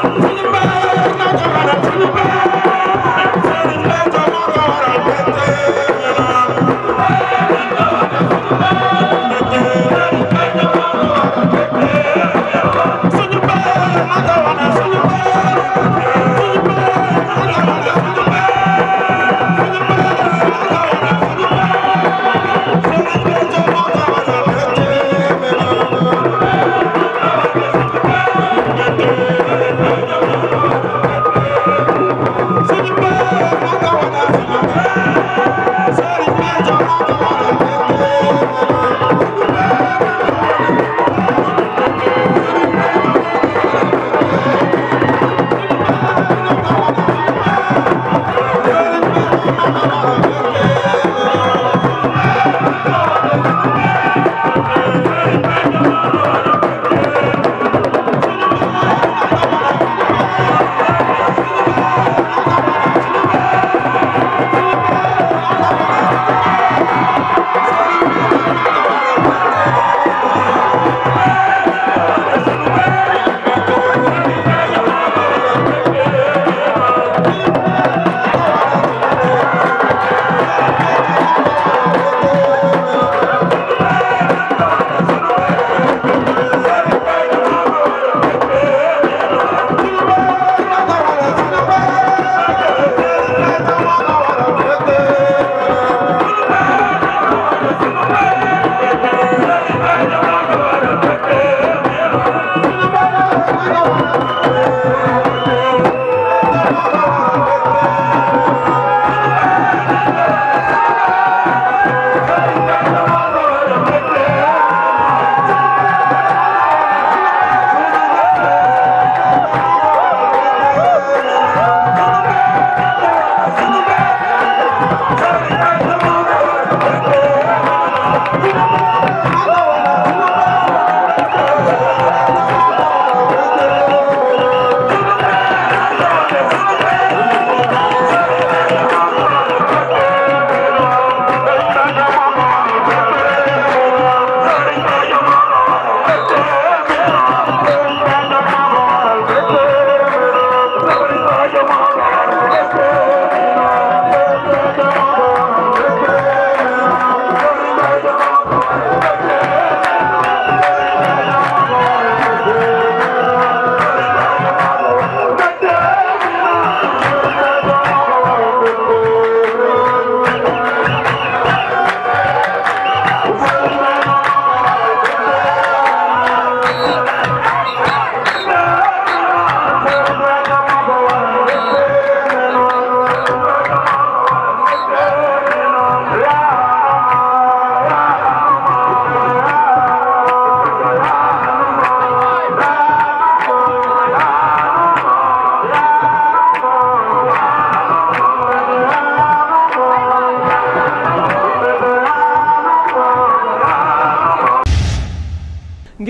suñu baay naa ko waral suñu baay